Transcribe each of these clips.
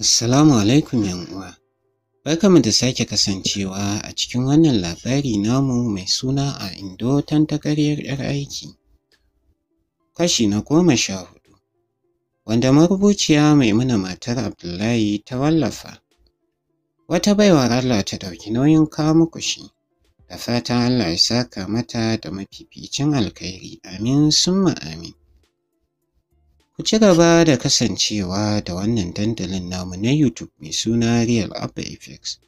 Assalamu alaikum uwa. barkamu da sake kasancewa a cikin wannan labari namu mai suna a indo tantagaryar 'yar aiki. Kashi na goma sha hudu wanda marubuciya mai muna matar Abdullahi ta wallafa. Wata baiwa Allah ta ɗauki nauyin kawo shi. da fatan Allah ya saka mata da mafificin alkhairi amin summa amin ku ci gaba da kasancewa da wannan dandalin namu na YouTube mai suna Real Abba Effects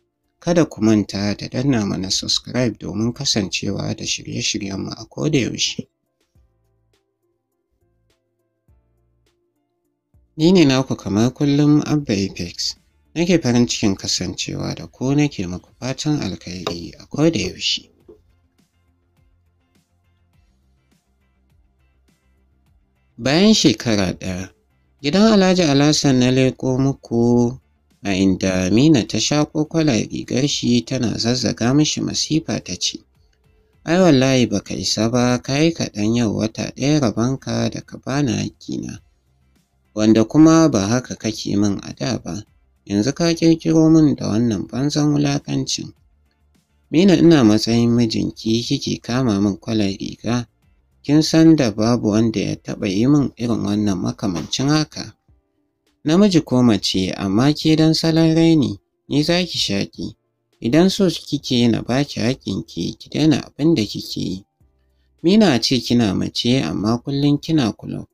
kada ku manta da danna mana subscribe domin kasancewa da shirye-shiryenmu a kodayaushe ni ne naku kamar kullum Abba Effects Nake farin cikin kasancewa da ku nake muku fatan alkhairi a koda yaushe. Bayan shekara ɗaya, gidan Alhaji Alhassan na leƙo muku a inda Amina ta sha kwalar rigar shi tana zazzaga mishi masifa ta ce, Ai wallahi ka isa ba ka yi kaɗan yau wata ɗaya rabanka da ka bani na, wanda kuma ba haka kake min a da ba. yanzu ka kirkiro min da wannan banzan wulakancin. Mina ina matsayin mijinki kike kama min kwalar riga, kin san da babu wanda ya taɓa yi min irin wannan makamancin haka. Namiji ko mace amma ke don salon raini, ni za ki shaƙi, idan so kike na baki haƙƙinki ki daina abin da kike yi. Mina ce kina mace amma kullum kina kulau,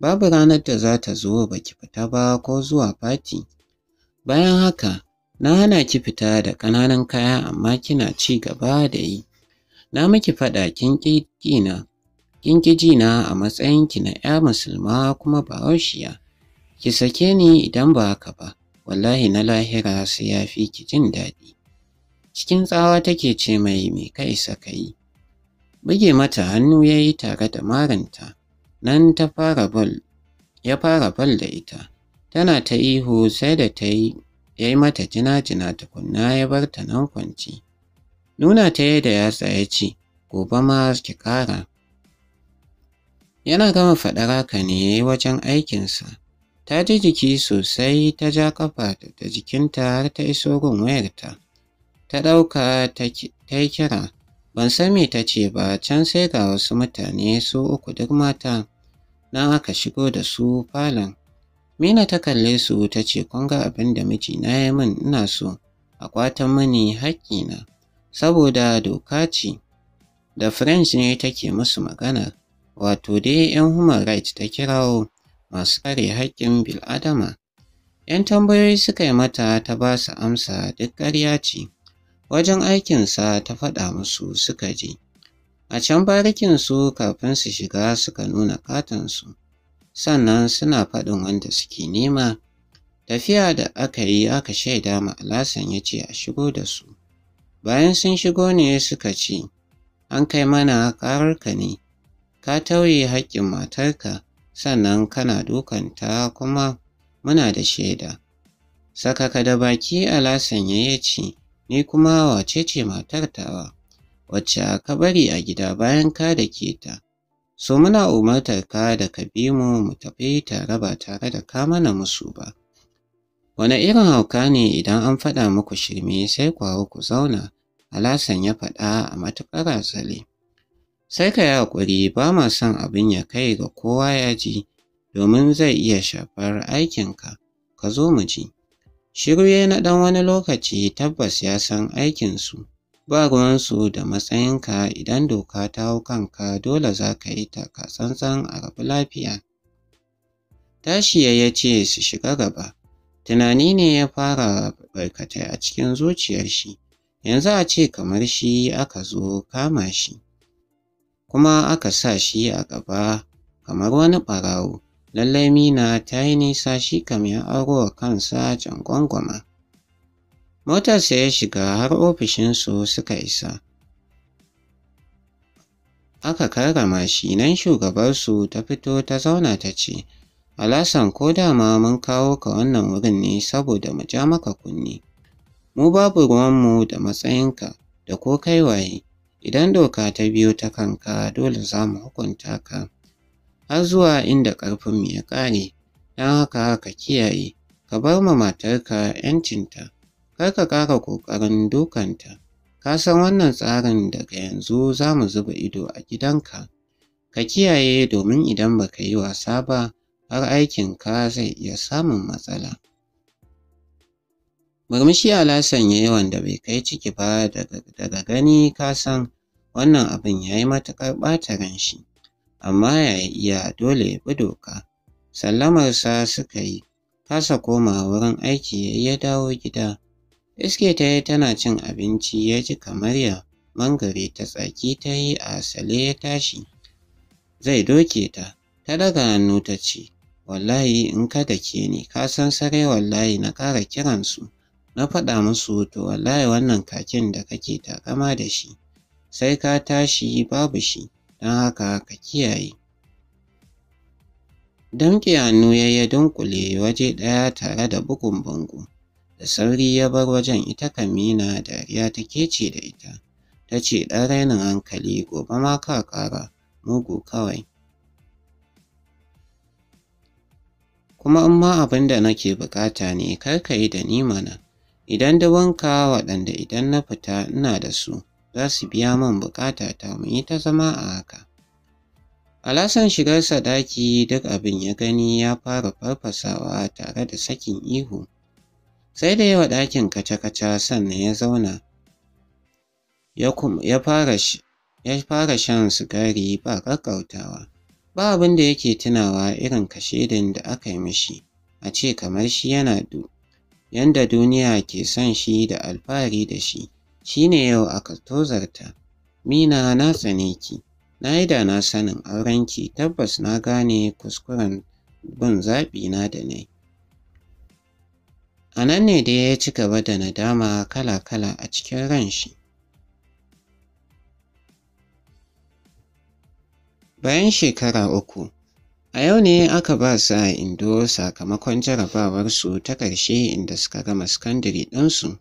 babu ranar da za ta zo ba ki fita ba ko zuwa fati. Bayan haka, na hana ki fita da ƙananan kaya amma kina ci gaba da yi. Na miki faɗa kin ƙina, kin a ki na ‘ya musulma kuma ba haushiya Ki sake ni idan ba haka ba, wallahi na lahira sai ya fi ki jin daɗi. Cikin tsawa take ce mai me kai yi. Buge mata hannu ya yi tare da marinta, nan ta fara bal, ya fara bal da ita. Tana ta ihu sai da ta yi ya yi mata jina-jina tukunna ya bar ta nan kwanci. Nuna ta yi da yatsa ya ce, gobe ma ki ƙara. Yana gama faɗar haka ne ya yi wajen aikinsa. Ta ji jiki sosai ta ja ƙafa da jikinta har ta iso gun wayarta. Ta ɗauka ta yi kira, ban san me ta ce ba can sai ga wasu mutane su uku duk mata, nan aka shigo da su falon. Mina ta kalle su ta ce kun ga abin da miji na ya min ina so a kwata mani haƙƙina saboda doka ce da French ne take musu magana wato dai 'yan human rights ta kirawo masu kare haƙƙin bil'adama. 'Yan tambayoyi suka yi mata ta ba su amsa duk ƙarya ce. Wajen aikinsa ta faɗa musu suka je. A can barikinsu kafin su shiga suka nuna su sannan suna faɗin wanda suke nema tafiya da aka yi aka shaida ma alasan ya ce a shigo da su bayan sun shigo ne suka ce an kai mana ƙararka ne ka tauye haƙƙin matarka sannan kana dukanta kuma muna da shaida sakaka da baki alasan ya ce ni kuma wace ce matar tawa wacce ka bari a gida bayan ka da ke ta so muna umartar ka da ka bi mu mu tafi tare ba tare da ka mana musu ba wane irin hauka ne idan an faɗa muku shirme sai ku ku zauna alasan ya faɗa a matuƙar asali sai ka yi haƙuri ba ma son abin ya kai ga kowa ya ji domin zai iya shafar aikinka ka zo mu ji shiru na ɗan wani lokaci tabbas ya san aikinsu Ba ruwansu da matsayinka idan doka ta hau kanka dole za ka yi taka-tsantsan a rabu lafiya. Tashiya ya ce su shiga gaba. Tunani ne ya fara barkatai a cikin zuciyar shi. Yanzu a ce kamar shi aka zo kama shi. Kuma aka sa shi a gaba kamar wani ɓarawo. Lallai Mina ta yi nisa shi kam ya aro wa kansa can gwangwama. Motarsa ya shiga har ofishinsu suka isa. Aka karrama shi nan shugabarsu ta fito ta zauna ta ce, Alasan ko dama mun kawo ka wannan wurin ne saboda mu ja maka kunni. Mu babu ruwanmu da matsayinka da ko kai waye, idan doka ta biyo ta kanka dole za mu hukunta ka. Har zuwa inda ƙarfinmu ya ƙare, don haka ka kiyaye, ka bar ma matarka ‘yancinta. kar ka ƙara ƙoƙarin dukanta. Ka san wannan tsarin daga yanzu za mu zuba ido a gidanka. Ka kiyaye domin idan ba ka yi wasa ba har aikinka zai iya samun matsala. Murmushi Alhassan ya yi wanda bai kai ciki ba daga gani ka san wannan abin ya yi matuƙar ɓata ran shi, amma ya iya dole ya bi doka. Sallamarsa suka yi, kasa koma wurin aiki ya dawo gida. Iske ta yi tana cin abinci ya ji kamar ya mangare ta tsaki ta yi a sale ya tashi. Zai doke ta, ta daga hannu ta ce, Wallahi in ka ke ni, ka san sare wallahi na ƙara kiransu. Na faɗa musu to wallahi wannan kakin da kake takama da shi, sai ka tashi babu shi, don haka ka kiyaye. Damƙe hannu ya yi dunkule waje ɗaya tare da bugun bango. da sauri ya bar wajen ita kamina dariya ta kece da ita ta ce ɗan rainin hankali gobe ma ka ƙara mugu kawai kuma in ma abin da nake bukata ne kar ka yi da ni mana idan da wanka waɗanda idan na fita ina da su za su biya min bukata ta mu yi ta zama a haka Alasan shigarsa daki duk abin ya gani ya fara farfasawa tare da sakin ihu sai da yawa ɗakin kaca-kaca sannan ya zauna ya fara ya fara shan sigari ba ƙaƙƙautawa ba abin da yake tunawa irin kashedin da aka yi mishi a ce kamar shi yana du yanda duniya ke son shi da alfahari da shi shine yau aka tozarta mina na tsane ki na yi da na sanin aurenki tabbas na gane kuskuren bin zaɓi na da na A nan ne da ya ci gaba da nadama kala-kala a cikin ran shi. Bayan shekara uku, a yau ne aka ba su a Indo sakamakon jarabawarsu ta ƙarshe inda suka gama sakandare ɗinsu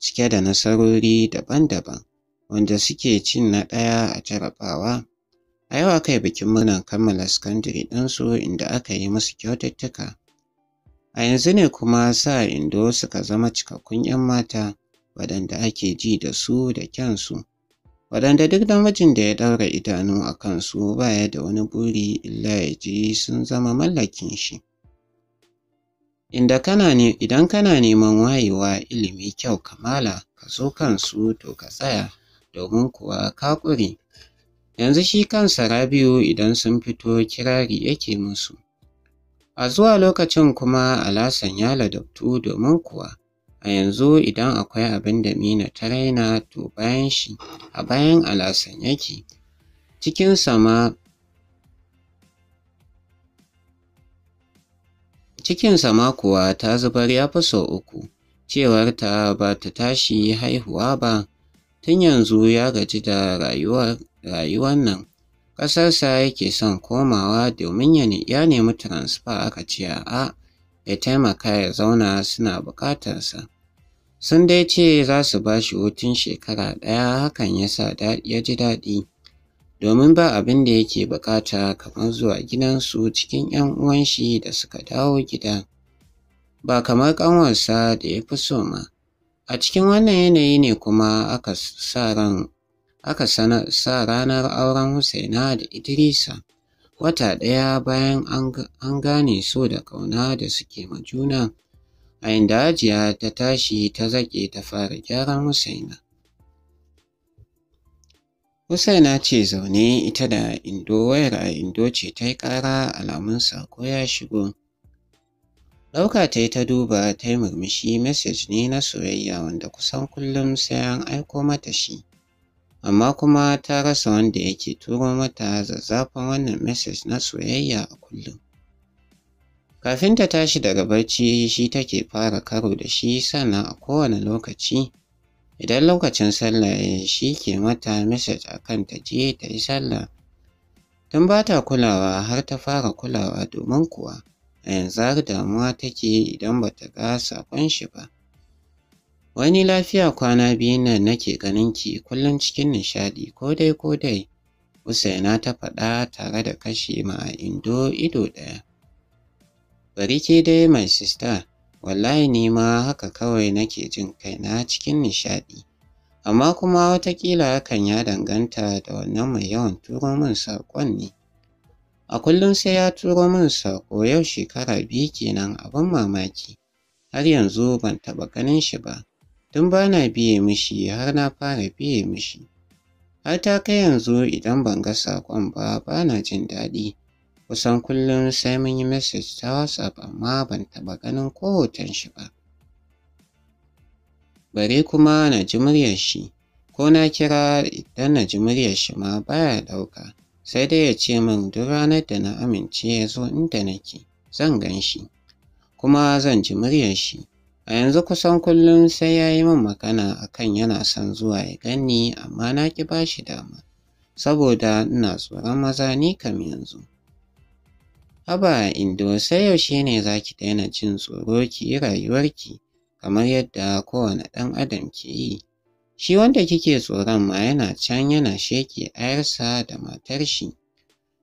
cike da nasarori daban-daban wanda suke cin na ɗaya a jarabawa. A yau aka yi bikin murnar kammala sakandare ɗinsu inda aka yi musu kyaututtuka A yanzu ne kuma sa Indo suka zama cikakkun 'yan mata waɗanda ake ji da su da kyansu, waɗanda duk namijin da ya ɗaura idanu a kansu ba ya da wani buri illa ya ji sun zama mallakin shi. idan kana neman wayewa ilimi kyau kamala ka zo kansu to ka tsaya domin kuwa ka ƙure. Yanzu shi kansa Rabi'u idan sun fito kirari yake musu. A zuwa lokacin kuma Alasan ya ladabtu domin kuwa a yanzu idan akwai abin da Mina ta raina to bayan shi a bayan Alasan yake, cikinsa sama cikin sama kuwa ta zubar ya fi sau uku, cewar ta ba ta tashi haihuwa ba, tun yanzu ya gaji da rayuwar nan ƙasarsa yake son komawa domin ya nemi transfer aka ce a ya taimaka ya zauna suna buƙatarsa. Sun dai ce za su ba shi hutun shekara ɗaya hakan ya sa ya ji daɗi domin ba abin da yake buƙata kamar zuwa gidansu cikin 'yan uwanshi da suka dawo gida. Ba kamar ƙanwarsa da ya fi so ma. A cikin wannan yanayi ne kuma aka sa ran aka sanar sa ranar auren Husaina da Idrisa wata ɗaya bayan an gane so da ƙauna da suke ma juna a inda Hajiya ta tashi ta zaƙe ta fara gyaran Husaina. Husaina ce zaune ita da Indo wayar a Indo ce ta yi ƙara alamun sako ya shigo. Ɗauka ta yi ta duba ta yi murmushi message ne na soyayya wanda kusan kullum sai an aiko mata shi. amma kuma ta rasa wanda yake turo mata zazzafan wannan message na soyayya a kullum. Kafin ta tashi daga barci shi take fara karo da shi sannan a kowane lokaci idan lokacin sallah ya shi ke mata message kan ta je ta yi sallah. Tun ba ta kulawa har ta fara kulawa domin kuwa a yanzu har damuwa take idan ba ta ga saƙon shi ba. Wani lafiya kwana biyun nan nake ganin ki kullum cikin nishaɗi ko dai ko dai. Usaina ta faɗa tare da kashe ma a indo ido ɗaya. Bari ke dai my sister, wallahi ni ma haka kawai nake jin kaina cikin nishaɗi. Amma kuma watakila hakan ya danganta da wannan mai yawan turo min saƙon ne. A kullum sai ya turo min saƙo yau shekara biyu kenan abin mamaki. Har yanzu ban taɓa ganin shi ba. Tun ba na biye mishi har na fara biye mishi. Har ta kai yanzu idan ban ga saƙon ba ba na jin daɗi. Kusan kullum sai mun yi message ta WhatsApp amma ban taɓa ganin ko shi ba. Bare kuma na ji muryar shi, ko na kira idan na ji muryar shi ma baya ɗauka. sai dai ya ce min duk ranar da na amince ya zo inda nake zan gan shi kuma zan ji muryar shi A yanzu kusan kullum sai ya yi min magana a kan yana son zuwa ya gani amma na ƙi ba shi dama, saboda ina tsoron maza ni kam yanzu. Haba Indo sai yaushe ne za ki daina jin tsoro ki yi rayuwarki kamar yadda kowane ɗan adam ke yi. Shi wanda kike tsoron ma yana can yana sheke ayarsa da matar shi.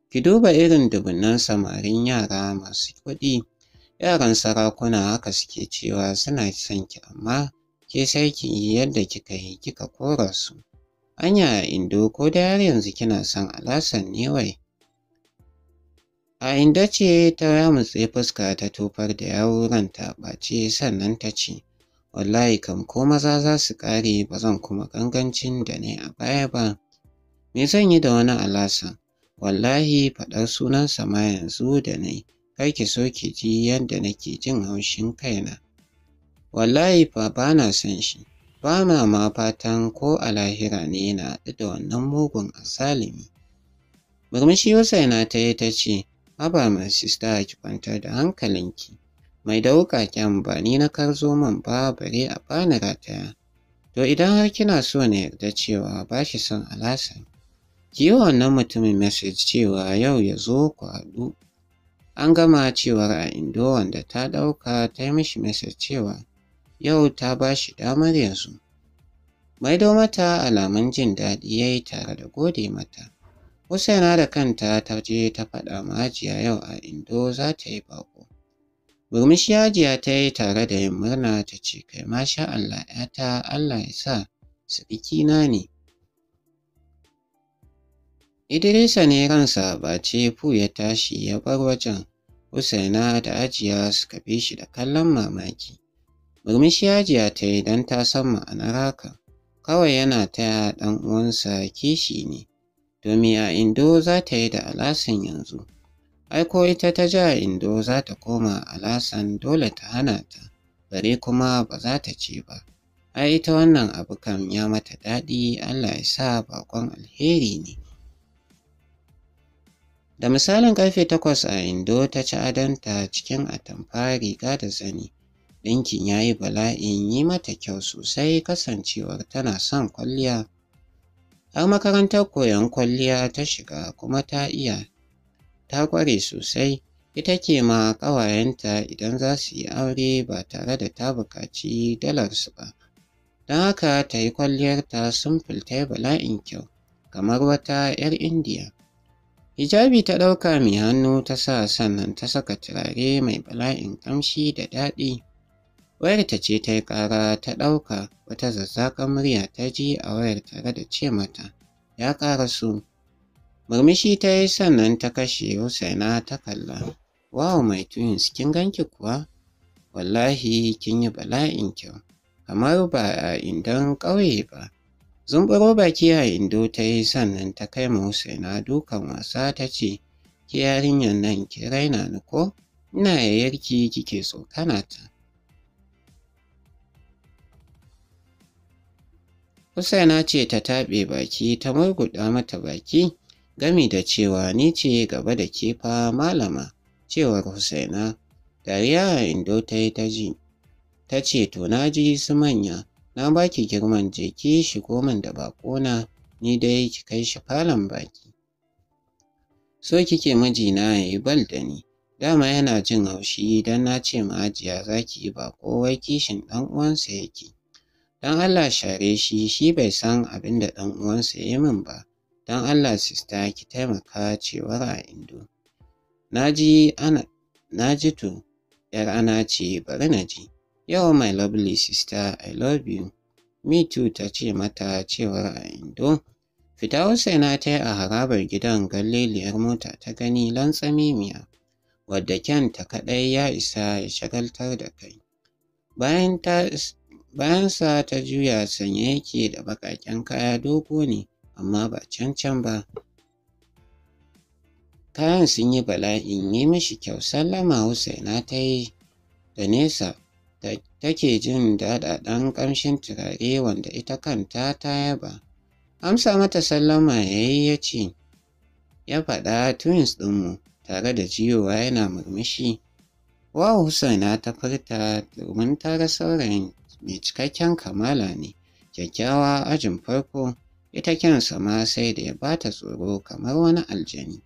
Ki duba irin dubunnan samarin yara masu kuɗi. Yaran sarakuna haka suke cewa suna son ki amma ke sai ki yi yadda kika yi kika kora su. Anya Indo ko da har yanzu kina son alasan ne wai. A inda ce ta mutse fuska ta tofar da yawo ranta ɓace sannan ta ce, Wallahi kam ko maza za su ƙare ba zan kuma gangancin da ne a baya ba. Me zan yi da wani alasan Wallahi faɗar sunansa ma yanzu da ne. kar ki so ki ji yadda nake jin haushin kaina. Wallahi fa ba na son shi, ba na ma fatan ko a lahira ne na haɗu da wannan mugun asalimi. Murmushi hussaina ta yi ta ce, Haba mai ki kwantar da hankalinki, mai da kyan ba ni na karzo man ba bare a bani rataya. To idan har kina so na yarda cewa ba shi son alasan, ki yi wannan mutumin message cewa yau ya zo ku haɗu An gama cewar a Indo wanda ta ɗauka ta yi mishi cewa yau ta ba shi damar yanzu. Maido mata alamun jin daɗi ya yi tare da gode mata. Husaina da kanta ta je ta faɗa ma Hajiya yau a Indo za ta yi baƙo. burmishi Hajiya ta yi tare da yin murna ta ce kai ma sha Allah ta Allah ya sa sirikina ne. Idrisa ne ransa ce fu ya tashi ya bar wajen. Husaina da ajiya suka bi shi da kallon mamaki. Murmushi ajiya ta yi don ta san ma'anar haka. Kawai yana taya ɗan uwansa kishi ne. Domin a Indo za ta yi da Alasan yanzu. Aiko ita ta ja Indo za ta koma Alasan dole ta hana ta. Bare kuma ba za ta ce ba. Ai ita wannan abu kam ya mata daɗi Allah ya sa bakon alheri ne. Da misalin karfe takwas a Indo ta ci adanta cikin atamfa riga da zani. Ɗinkin ya yi bala'in yi mata kyau sosai kasancewar tana son kwalliya. Har makarantar koyon kwalliya ta shiga kuma ta iya. Ta ƙware sosai, ita ke ma ƙawayenta idan za su yi aure ba tare da ta buƙaci dalarsu ba. Don haka ta yi kwalliyarta sun ta bala'in kyau, kamar wata 'yar Indiya. Hijabi ta ɗauka mai hannu ta sa sannan ta saka turare mai bala'in ƙamshi da daɗi. Wayarta ce ta yi ƙara ta ɗauka wata zazzaka murya ta ji a wayar tare da ce mata, ya ƙara su. Murmushi ta yi sannan ta kashe Husaina ta kalla. Wow mai twins kin ganki kuwa? Wallahi kin yi bala'in kyau, kamar ba a indon ƙauye ba. Zumburo baki a indo ta yi sannan ta kai ma Husaina dukan wasa ta ce, Ki yarinyar nan ki raina ni ko? Ina yayarki kike tsokana ta. Husaina ce ta taɓe baki ta murguɗa mata baki gami da cewa ni ce gaba da kefa malama cewar Husaina. Dariya a indo ta yi ta ji, ta ce to na ji su manya na baki girman jeki shigo min da baƙona ni dai ki kai shi falon baki. So kike mijina ya yi bal da ni, dama yana jin haushi don na ce ma'ajiya za ki yi bako wai kishin ɗan uwansa yake. Don Allah share shi shi bai san abin da ɗan uwansa ya yi min ba, don Allah sista ki taimaka cewa a indo. Na ji ana, na to, ‘yar ana ce bari na ji. Yo my lovely sister, I love you. Me too ta ce mata cewar a indo. Fita hussaina ta yi a harabar gidan galiliyar mota ta gani lantsamimiya, wadda ta kaɗai ya isa ya shagaltar da kai. Bayan ta bayansa ta juya sanye yake da baƙaƙen kaya dogo ne amma ba cancan ba kayan sun yi bala'in yi mishi kyau sallama hussaina ta yi da nesa da take jin daɗaɗɗen ƙamshin turare wanda ita kanta ta yaba. Amsa mata sallama ya yi ya ce, ya faɗa twins ɗinmu tare da jiyowa yana murmushi. Wow Husaina ta furta domin ta ga saurayin mai cikakken kamala ne, kyakkyawa ajin farko, ita kyansa ma sai da ya bata tsoro kamar wani aljani.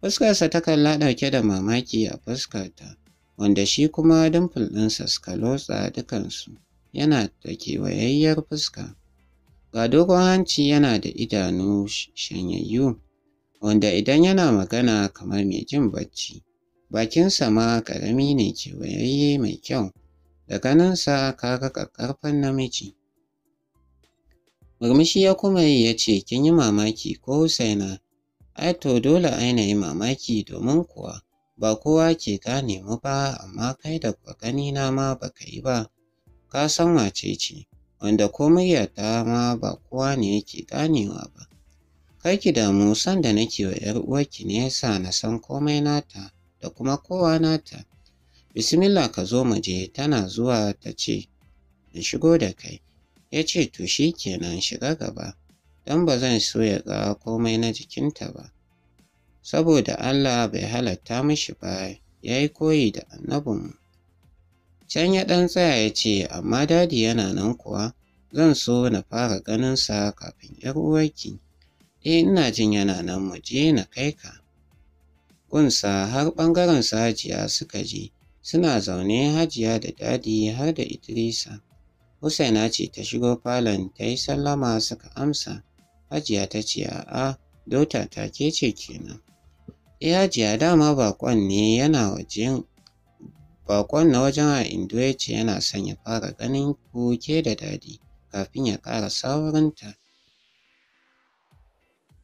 Fuskarsa ta kalla ɗauke da mamaki a fuskarta. wanda shi kuma dimfil ɗin suka lotsa dukansu yana da kewayayyar fuska ga dogon hanci yana da idanu shanyayyu wanda idan yana magana kamar mai jin bacci bakinsa ma ƙarami ne kewayayye mai kyau da ganinsa kaga ƙarƙarfan namiji murmushi ya kuma yi ya ce kin yi mamaki ko husaina ai to dole ai na yi mamaki domin kuwa ba kowa ke gane mu ba amma kai da gani na ma ba ka yi ba ka san wace ce wanda ko muryata ma ba kowa ne yake ganewa ba kai ki damu san da nake wa yar uwarki ne yasa na san komai nata da kuma kowa nata bismillah ka zo mu je tana zuwa ta ce in shigo da kai ya ce to shi kenan shiga gaba don ba zan so ya ga komai na jikinta ba saboda Allah bai halatta mishi ba ya yi koyi da annabinmu. Can ya ɗan tsaya ya ce, amma dadi yana nan kuwa, zan so na fara ganinsa kafin ‘yar uwarki. Eh ina jin yana nan muje na kai ka. Kunsa har ɓangaren hajiya suka je, suna zaune hajiya da dadi har da Idrisa. Husaina ce ta shigo falon ta yi sallama suka amsa. Hajiya ta ce a'a, dota ta ke kenan. Eh dama baƙon ne yana wajen baƙon na wajen a Indo ya yana son ya fara ganin ku da dadi kafin ya ƙara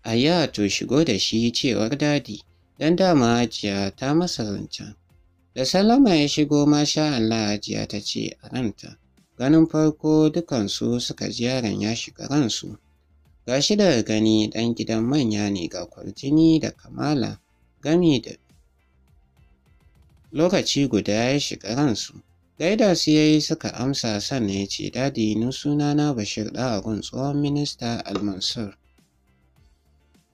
a ya to shigo da shi cewar dadi don dama hajiya ta masa zancen. Da Salama ya shigo masha Allah hajiya ta ce a ranta. Ganin farko dukansu suka ji yaron ya shiga ransu. Ga shi daga gani ɗan gidan manya ne ga kwarjini da kamala. gami da lokaci guda ya shiga ransu. Gaida su ya yi suka amsa sannan ya ce dadi suna na Bashir Ɗahagun tsohon minista Almansur.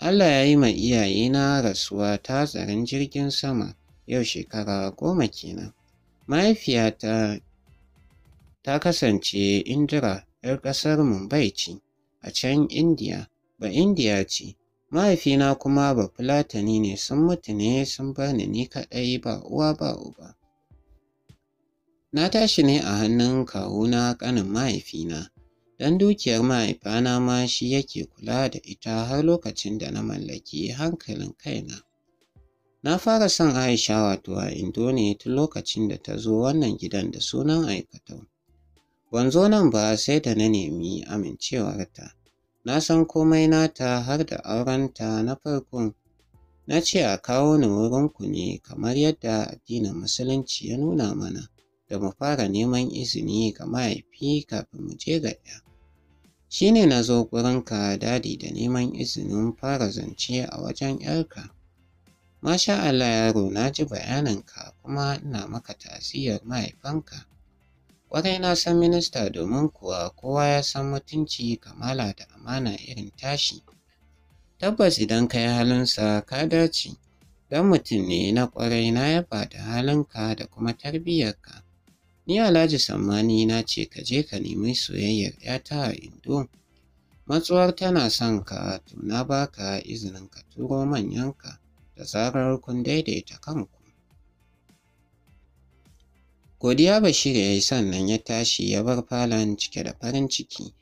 Allah ya yi ma iyayena rasuwa ta tsarin jirgin sama yau shekara goma kenan. Mahaifiyata ta kasance Indira 'yar ƙasar Mumbai ce a can Indiya ba Indiya ce mahaifina kuma ba fulatani ne sun mutu ne sun bani ni kaɗai ba uwa ba uba. Na tashi ne a hannun kawuna ƙanin mahaifina, don dukiyar mahaifana ma shi yake kula da ita har lokacin da na mallaki hankalin kaina. Na fara son Aisha wato a Indo ne tun lokacin da ta zo wannan gidan da sunan aikatau. Ban zo nan ba sai da na nemi amincewarta. na san komai nata har da aurenta na farko. na ce a kawo ni wurinku ne kamar yadda addinin musulunci ya nuna mana da mu fara neman izini ga mahaifi kafin mu je ga ɗaya shi ne na zo ƙurinka dadi da neman izinin fara zance a wajen ‘yarka masha Allah yaro na ji bayaninka kuma ina maka tasiyar mahaifanka Kwarai na san minista domin kuwa kowa ya san mutunci, kamala da amana irin tashi. Tabbas idan ka yi halinsa ka dace, don mutum ne na kwarai na yaba da halinka da kuma tarbiyyarka. Ni Alhaji Sammani na ce ka je ka nemi soyayyar ‘yata a Indo. Matsuwar tana son ka to na baka izinin ka turo manyanka da zarar kun daidaita kanku. Godiya Bashir ya yi sannan ya tashi ya bar falon cike da farin ciki.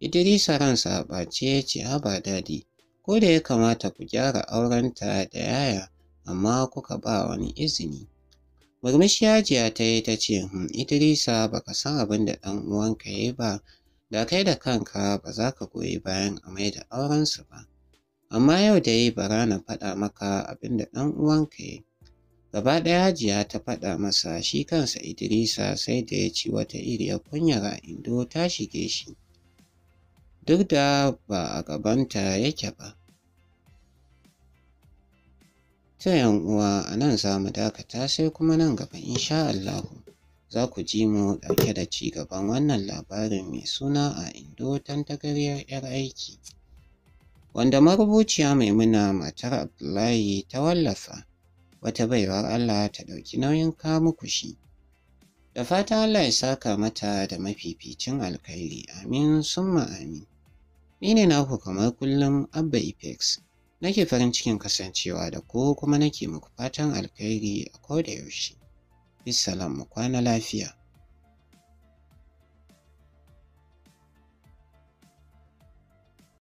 Idirisa ransa a ɓace ya ce haba dadi, ko da ya kamata ku gyara aurenta da yaya amma kuka ba wani izini. Murmushi yajiya ta yi ta ce, hmm, Idrisa ka san abin da ɗan uwanka ya yi ba, da kai da kanka ba za ka goyi bayan a mai da aurensu ba. Amma yau da yi bara na faɗa maka abin da ɗan uwanka ya yi. Gaba ɗaya jiya ta faɗa masa shi kansa Idrisa sai da ya ci wata ya kunyar indo ta shige shi. Duk da ba a gabanta yake ba. Ta yan uwa a nan za mu dakata sai kuma nan gaba insha Allahu za ku ji mu ɗauke da ci gaban wannan labarin mai suna a indo tantagaryar 'yar aiki. Wanda marubuciya Maimuna matar Abdullahi ta wallafa. wata baiwar Allah ta ɗauki nauyin kamuku muku shi. Da fatan Allah ya saka mata da mafificin alkhairi amin summa amin. Ni ne naku kamar kullum Abba Ipex, Nake farin cikin kasancewa da ko kuma nake muku fatan alkhairi a koda yaushe. Bisalam mu kwana lafiya.